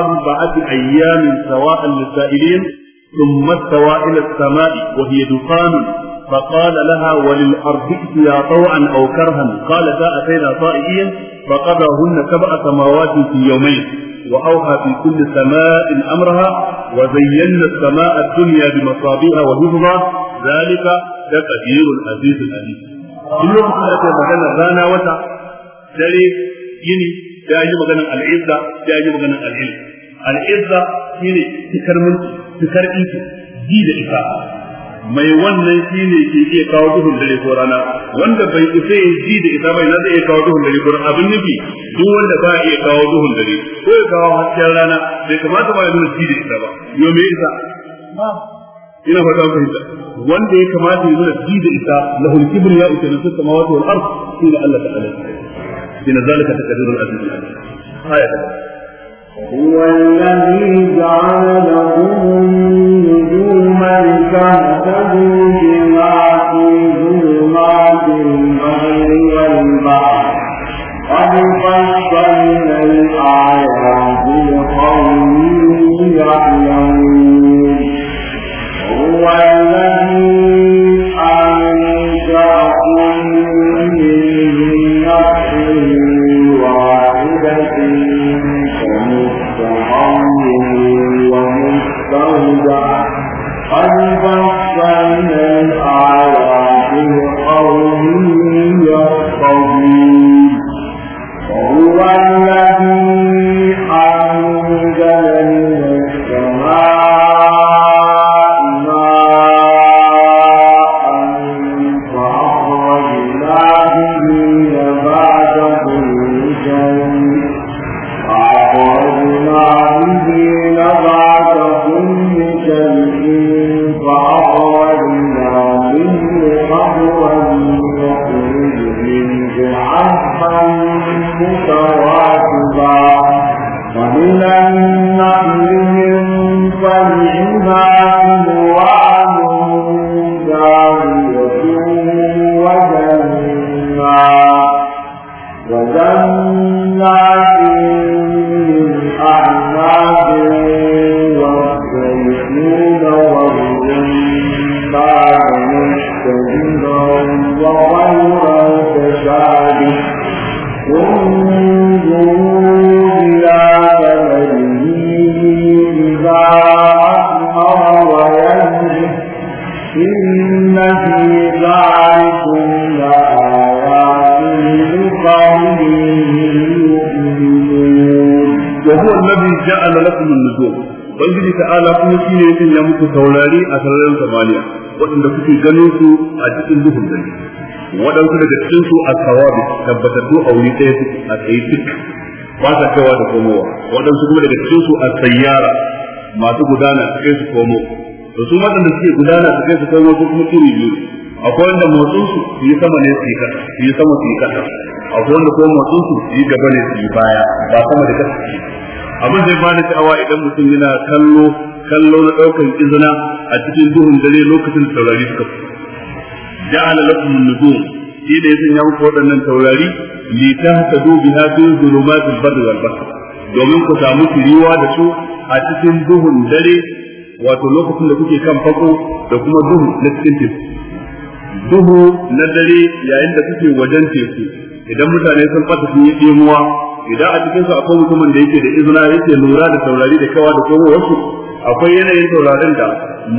أربعة أيام سواء للسائلين ثم استوى إلى السماء وهي دخان فقال لها وللأرض يا طوعا أو كرها قالتا أتينا طائعين فقضاهن سبع سماوات في يومين وأوحى في كل سماء أمرها وزينا السماء الدنيا بمصابيها وحفظا ذلك تقدير العزيز الأليم. كل يوم كانت magana rana wata dare ya yi maganan al'izza ya yi maganan al'ilm al'izza shine cikar mulki cikar iko ji da isa mai wannan shi ne ke iya kawo duhun dare ko rana wanda bai isa ya ji da isa bai na zai iya kawo duhun dare ko rana abin nufi duk wanda ba iya kawo duhun dare ko ya kawo hasken rana bai kamata ba ya nuna ji da isa ba yo me isa ina fata fahimta wanda ya kamata ya nuna ji da isa lahul kibriya ukenan sun samawati wal ard shine Allah ta'ala إن ذلك تقدير العزيز العليم آية هو الذي جعل لكم النجوم لتهتدوا Allah, I will bow down and I صابرين ja'ala lakum an-nujum ubangiji ta'ala kuma shine ya muku taurari a sararin samaniya waɗanda kuke ganin su a cikin duhun dare waɗansu daga cikin su a sawabi tabbatattu a wuri ɗaya su a tsaye duk ba ta kaiwa da komowa waɗansu kuma daga cikin su a sayyara masu gudana su kai su komo to su wadanda suke gudana su kai su komo ko kuma iri biyu akwai wanda motsin su yi sama ne su yi kasa yi sama su yi kasa akwai wanda kuma motsin su su yi gaba ne su yi baya ba sama da kasa su yi abin zai bani sha'awa idan mutum yana kallo kallo na daukan izina a cikin duhun dare lokacin taurari suka fito ja'ala lakum nujum shi ne yasan ya muku waɗannan taurari li tahtadu biha fi al barri wal bahr domin ku samu riwa da su a cikin duhun dare wato lokacin da kuke kan fako da kuma duhu na cikin teku duhu na dare yayin da kuke wajen teku idan mutane sun fata sun yi ɗemuwa idan a cikin su akwai mutumin da yake da izina yake lura da taurari da kawa da komo wasu akwai yanayin taurarin da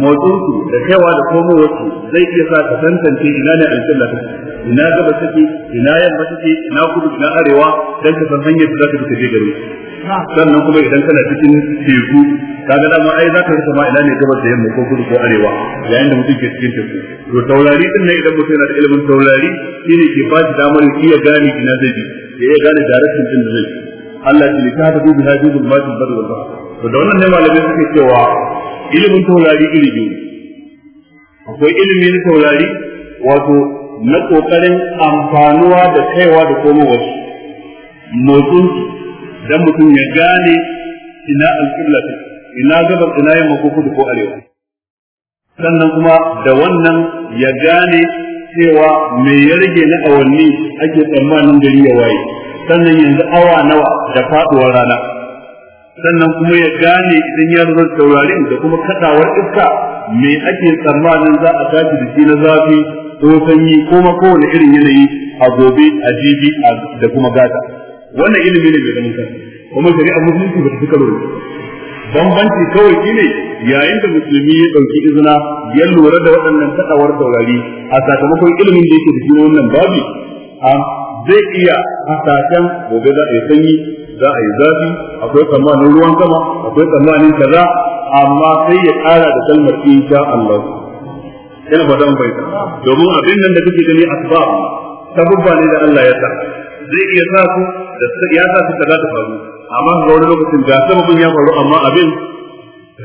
motsin su da kaiwa da komo wasu zai iya sa ka tantance ina ne aljanna ta ina gaba take ina yamma take ina kudu ina arewa dan ka san hanyar da zaka tafi gare sannan kuma idan kana cikin teku kaga dama ai za ka rasa ma ina ne gaba da yamma ko kudu ko arewa yayin da mutum ke cikin teku to taurari din ne idan mutum yana da ilimin taurari shine ke ba shi damar iya gane ina zai bi da ya gane direction din da zai Allah ya lita ta dubi hadi da ma bil da wal to da wannan ne malamai suke cewa ilimin taurari iri biyu akwai ilimin taurari wato na kokarin amfanuwa da kaiwa da komowa motsin dan mutum ya gane ina alƙibla ta ina gabar ina yamma ko kudu ko arewa sannan kuma da wannan ya gane cewa Mai ya rage na awanni ake tsammanin gari ya waye sannan yanzu awa nawa da faduwar rana sannan kuma ya gane idan ya zo taurarin da kuma kadawar iska me ake tsammanin za a tashi da shi na zafi ko sanyi ko ma kowane irin yanayi a gobe a jibi da kuma gata wannan ilimi ne mai ganin kansa kuma shari'a musulunci ba ta fi kalori bambanci kawai shine yayin da musulmi ya ɗauki izina ya lura da waɗannan taɗawar taurari a sakamakon ilimin da yake da shi wannan babu zai iya hasashen gobe za a yi sanyi za a yi zafi akwai tsammanin ruwan sama akwai tsammanin kaza amma sai ya ƙara da kalmar insha Allah ina ba mun bayyana domin abin nan da kake gani asbab sabubba ne da Allah ya sa zai iya sa su da ya sa su kaza ta faru amma ga wani lokacin ga sababin ya faru amma abin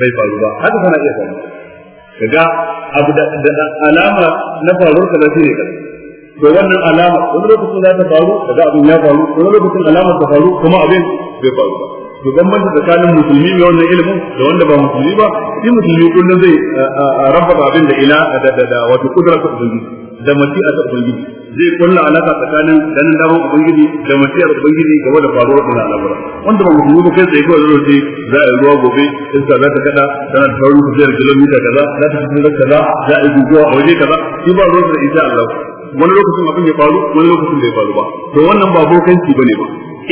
bai faru ba haka kana iya faru kaga abu da alama na faru ka zai ne kai to wannan alama wani lokacin za ta faru kaga abin ya faru wani lokacin alama ta faru kuma abin bai faru ba to bambanta tsakanin musulmi mai wannan ilimin da wanda ba musulmi ba shi musulmi kullum zai rabba abin da ila da wato kudrar ta ubangiji da masiyar ta ubangiji zai kulla alaka tsakanin danin daman ubangiji da masiyar ubangiji game da faruwar da al'amura wanda ba mu ba kai tsaye kawai zai ce za a yi ruwa gobe iska za ta kada tana da saurin tafiyar kilomita kaza za ta tafi kaza za a yi guguwa a waje kaza shi ba ruwa da insha Allah wani lokacin abin ya faru wani lokacin bai faru ba to wannan ba bokanci bane ba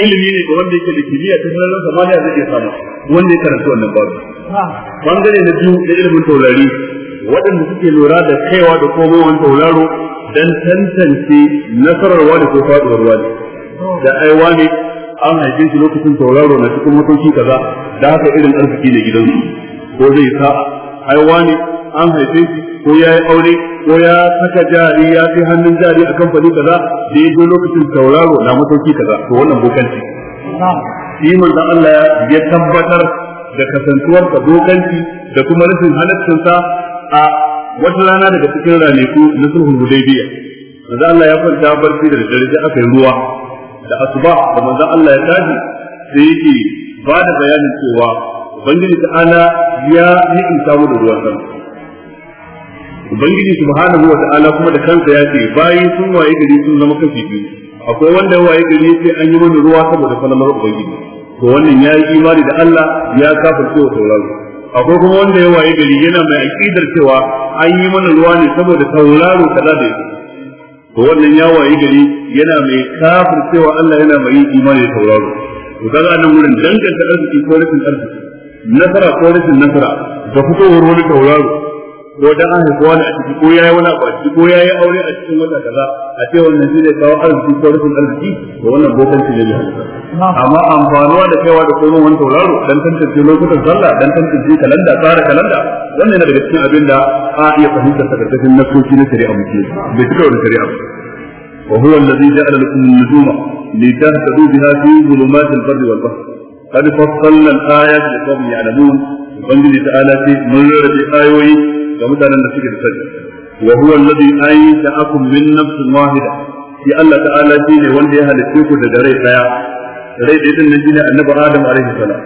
ilimi ne ga wanda yake da kimiyya ta sanarar samaniya zai iya samu wanda ya karanta wannan babu bangare na biyu na ilimin taurari waɗanda suke lura da kaiwa da komowar tauraro don tantance nasararwa da ko faɗuwar ne. da ai wani an haife shi lokacin tauraro na cikin mutunci kaza da haka irin arziki ne gidansu ko zai sa ai wani an haife shi ko ya yi aure ko ya saka jari ya fi hannun jari a kamfani kaza da ya zo lokacin tauraro na mutunci kaza to wannan bokanci shi manzon Allah ya tabbatar da kasantuwar ka da kuma rashin halaccin a wata rana daga cikin ranaku na sulhul hudaybiya manzo Allah ya kwanta barci da dare da aka yi ruwa da asuba da manzo Allah ya tashi sai yake ba da bayanin cewa ubangiji ta'ala ya yi in da ruwan sama ubangiji subhanahu wa ta'ala kuma da kansa ya ce bayi sun waye gari sun zama kashi biyu akwai wanda waye gari sai an yi mana ruwa saboda falamar ubangiji to wannan ya yi imani da Allah ya kafa wa sauraro akwai kuma wanda ya waye gari yana mai aƙidar cewa an yi mana ruwa ne saboda tauraro kaza da yake to wannan ya waye gari yana mai kafir cewa Allah yana mai imani da tauraro to kaga nan wurin danganta arziki ko rashin arziki nasara ko rashin nasara da fitowar wani tauraro ko dan an haifi wani a ciki ko ya yi wani abu a ciki ko yayi aure a cikin wata kaza a ce wannan shi zai kawo arziki ko rufin arziki ko wannan bokanci ne amma amfanuwa da kaiwa da komai wani tauraro dan tantance lokutan sallah dan tantance kalanda tsara kalanda wannan yana daga cikin abin da a iya fahimtar sakatakin nasoci na shari'a muke bai cika wani shari'a ba وهو الذي جعل لكم النجوم لتهتدوا بها في ظلمات البر والبحر قد فصلنا الآيات لقوم يعلمون ubangiji ta ala ce mun rarrabe ayoyi ga mutanen da suke da sani wa huwa alladhi aita'akum min nafsin wahida shi Allah ta'ala shi ne wanda ya halitta ku Da rai daya rai da din nan shine annabi Adam alaihi salam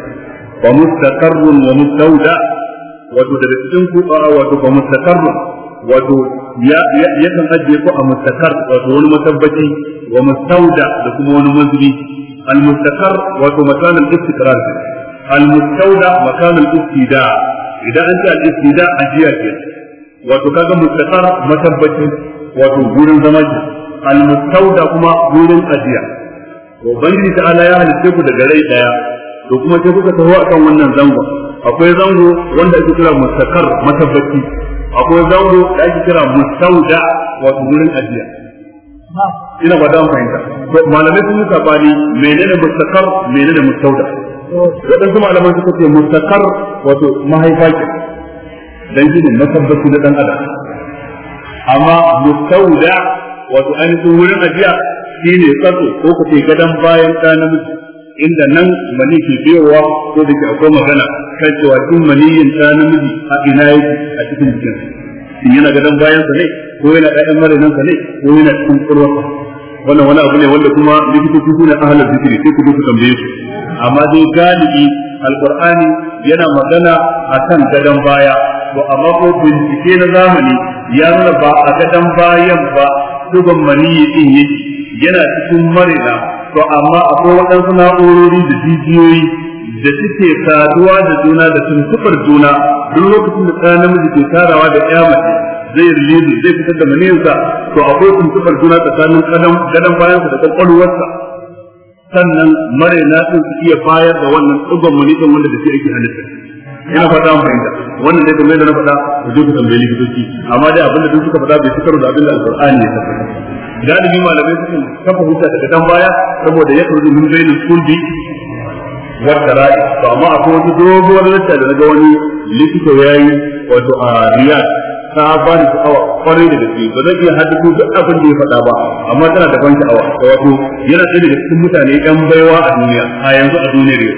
wa mustaqarrun wa mustawda wato daga cikin ku wato fa mustaqarrun wato ya ya kan ajiye ku a mustaqar wato wani matabbaci wa mustawda da kuma wani mazubi al mustaqar wato makanan istiqrar al mustawda makanan istida idan an ce al-istida ajiya ce wato kaga mustaqara matabbaci wato gurin zama ce al-mustauda kuma gurin ajiya ubangiji ta ala ya halitta ku daga rai daya to kuma sai kuka taho akan wannan zango akwai zango wanda ake kira mustaqar matabbaci akwai zango da ake kira mustauda wato gurin ajiya ina ba da fahimta to malamai sun yi sabani menene mustaqar menene mustauda waɗansu malamai suka ce mustaqar wato mahaifa ke dan shi na tabbaci na dan adam amma mustauda wato an ainihin wurin ajiya shi ne tsatso ko ka ce gadon bayan da namiji inda nan mani ke biyowa ko da ke akwai magana kan cewa tun maniyin da namiji a ina yake a cikin jikin yana gadon bayan sa ne ko yana ɗayan marinansa ne ko yana cikin kurwarsa wannan wani abu ne wanda kuma likitoci suna ahalar zikiri sai ku duka tambaye su amma dai galibi alqur'ani yana magana akan gadon baya to amma ko bincike na zamani ya nuna ba a gadon bayan ba duban maniyi din yake yana cikin marina to amma akwai waɗansu na'urori da jijiyoyi da suke saduwa da juna da tuntuɓar juna duk lokacin da ɗan namiji ke tarawa da ƴa mace zai rilizu zai fitar da maniyinsa to akwai tuntuɓar juna tsakanin gadon bayansa da kwakwalwarsa sannan maraina sun su iya bayar da wannan tsugon manitin wanda da shi ake halitta ina fata an fahimta wannan dai kamar da na faɗa da je ku tambayi likitoci amma dai abinda duk suka faɗa bai fitar da abinda Al-Qur'ani ya tabbata galibi malamai kan kafa hujja daga dan baya saboda ya kurdu min bainul kulbi wa ra'i to amma akwai wata doguwar littafi da na ga wani likita yayi wato a riyad ta ba ni sha'awa kwarai da gaske ba zan iya haɗu duk abin da ya faɗa ba amma tana da ban sha'awa wato yana ɗaya daga cikin mutane ɗan baiwa a duniya a yanzu a duniyar yau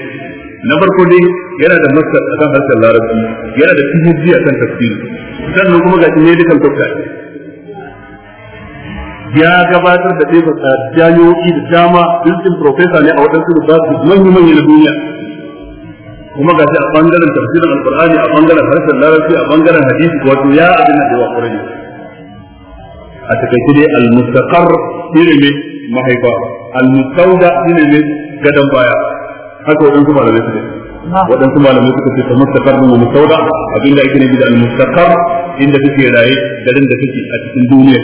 na farko dai yana da masar a kan harshen larabci yana da a kan tafsiri sannan kuma ga medical doctor ya gabatar da ɗaya jami'o'i da dama dukkan profesa ne a waɗansu da su manyan manyan duniya kuma gashi a bangaren tafsirin alqur'ani a bangaren harshen larabci a bangaren hadisi wato ya abin da yawa kurai a takaice dai al-mustaqar shine mahaifa al-mustawda shine gadan baya haka wadan kuma da ne wadan kuma da suka ce ta mustaqar da mustawda abin da yake ne da al-mustaqar inda kake raye garin da kake a cikin duniya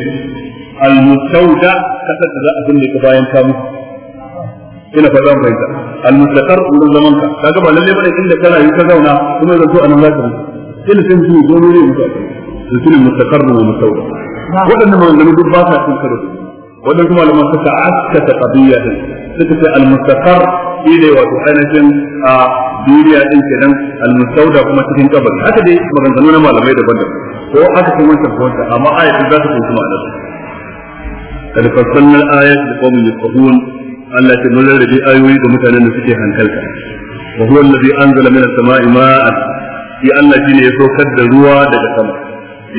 al-mustawda kasar da za a binne ka bayan ka mutu ina fa zan bayyana al-mustaqar wurin zaman ka kaga ba lalle bane inda kana yi ka zauna kuma yanzu a nan za ka mutu ila sun ji zo ne mu mutu su ne mustaqar wa mustawda wadannan maganganun duk ba sa cin karo wadannan kuma malaman suka askata qadiyya din suka ce al-mustaqar ile wato ainihin a duniya din kenan al-mustawda kuma cikin kabari haka dai maganganun na malamai daban-daban ko haka kuma wancan ko wancan amma ayatin za ta kuma ma'anar قد فصلنا الآيات لقوم يفقهون Allah ce mun rarrabe ayoyi da mutanen da suke hankalka wa huwa allazi anzala minas sama'i ma'an shi Allah shine ya saukar da ruwa daga sama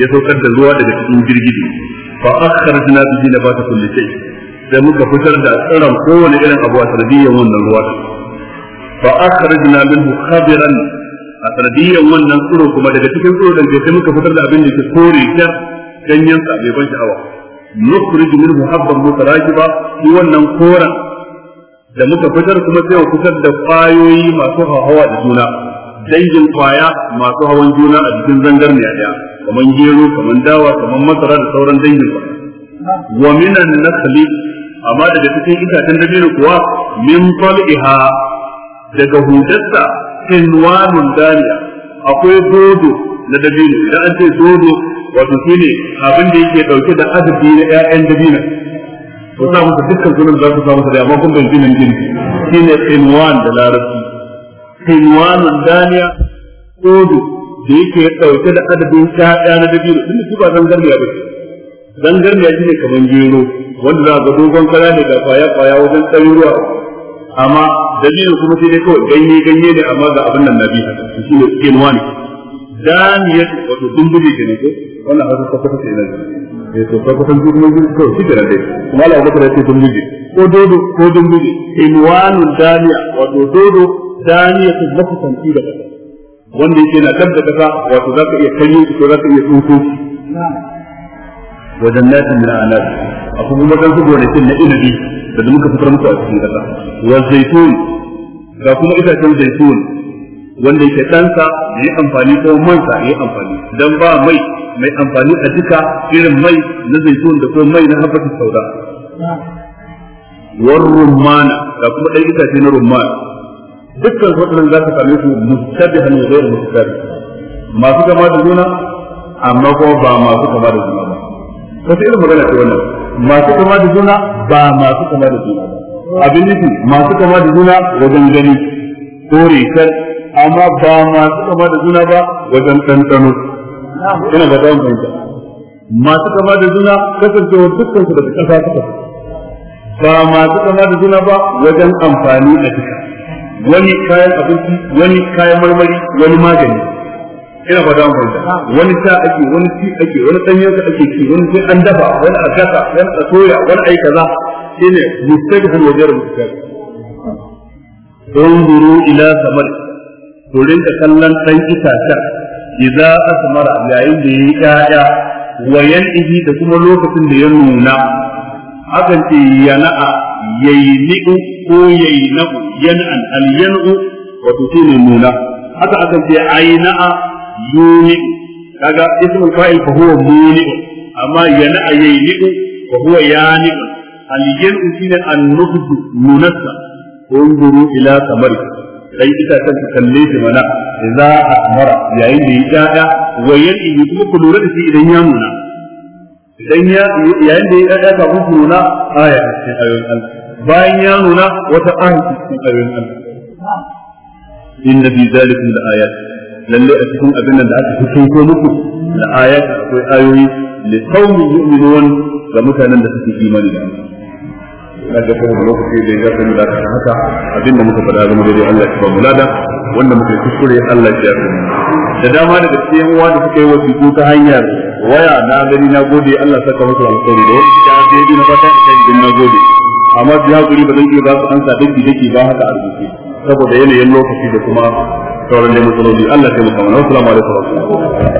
ya saukar da ruwa daga cikin girgije fa akhrajna bihi nabata kulli shay sai muka fitar da tsiran kowane irin abu a sanadiyyar wannan ruwa fa akhrajna minhu khabiran a sanadiyyar wannan tsiro kuma daga cikin tsiro dan sai muka fitar da abin da ke kore ta ganyen sa bai ban sha'awa nukhrij minhu habban mutarakiba shi wannan koran da muka fitar kuma sai mu fitar da kwayoyi masu hawa da juna dangin kwaya masu hawan juna a cikin zangar ne daya kamar gero kamar dawa kamar masara da sauran dangin ba. wa minan nakhli amma daga cikin itacen dabino kuwa min tal'iha daga hudarsa inwanun daliya akwai dodo na dabino idan an ce dodo wato shine abin da yake dauke da adabi na ƴaƴan dabino ko sa musu dukkan sunan da su sa musu da amma kun ban jinin jini shine inwan da larabci inwanun daniya kodu da yake dauke da adadin ƴaƴa na dabino da su ba zangarniya ba ce zangarniya shine kaman gero wanda za ga dogon kara ne da kwaya kwaya wajen tsayuwa amma dabino kuma sai dai kawai ganye ganye ne amma ga abin nan nabi haka shine inwan daniyatu wato dumbuji ne ko wannan hausa ta fata sai nan eh to ka kusan duk mun to shi da dai mala abu da yake dumbuje ko dodo ko dumbuje inwanu daniya wato dodo daniya ta makusanci da kasa wanda yake na kan da kasa wato zaka iya kanyo ko zaka iya tsunto wa jannatin min anab akwai kuma dan su gonakin na inabi da muka fitar muku a cikin kasa wa zaitun ga kuma itacen zaitun wanda yake ɗansa ya yi amfani ko mansa yi amfani dan ba mai mai amfani a duka irin mai na zaitun da kuma mai na habbatin sauda war rumana da kuma ɗan itace na rumana dukkan waɗannan za ka same su mustabihan wa ghayr mustabih masu kama da juna amma kuma ba masu kama da juna ba kace irin magana ce wannan masu kama da juna ba masu kama da juna ba abin nufi masu kama da juna wajen gani ko rikar amma ba masu kama da juna ba wajen ɗanɗano ina da dawon fahimta masu kama da juna kasancewa dukkan su daga kasa suka ba masu kama da juna ba wajen amfani a cika. wani kayan abinci wani kayan marmari wani magani ina ba dawon fahimta wani sa ake wani ci ake wani danyen ka ake ci wani sai an dafa wani a gasa wani a soya wani a yi kaza shine mustaqihan wajen don انظروا ila samar, turin da kallon ɗan itacen idza asmara yayin da yayi ƴaƴa wa yanhi da kuma lokacin da ya nuna akan ce yana'a yayni'u ko yayna'u yan'an al yan'u wa shine nuna haka akan ce ayna'a yuni kaga ismul fa'il fa huwa muni amma yana'a yayni'u fa huwa yani al yan'u shine an nufdu nunassa unzuru ila samari kai ita kanta kalle mana Za idza asmara yayin da ya ɗaɗa, wayan yadi kuma ku lura da shi idan ya nuna idan ya yayin da ya ɗaɗa ka ku nuna aya cikin ayoyin Allah bayan ya nuna wata aya cikin ayoyin Allah inna fi zalikum da ayat lalle a cikin abin da aka fito muku da ayat akwai ayoyi li qaumin yu'minun ga mutanen da suke imani da Allah na ga kowane lokaci da ya zafi da haka abinda muka faɗa zama daidai Allah ya ba mu lada wanda muka kuskure Allah ya ba da dama daga cikin uwa da suka yi wasiƙu ta hanyar waya na gani na gode Allah saka musu alƙawari da wasu ta daidai na fata da kan na gode amma ji hakuri ba zan iya ba su ansa daki daki ba haka a rubuce saboda yanayin lokaci da kuma sauran da matsaloli Allah ya taimaka mana assalamu alaikum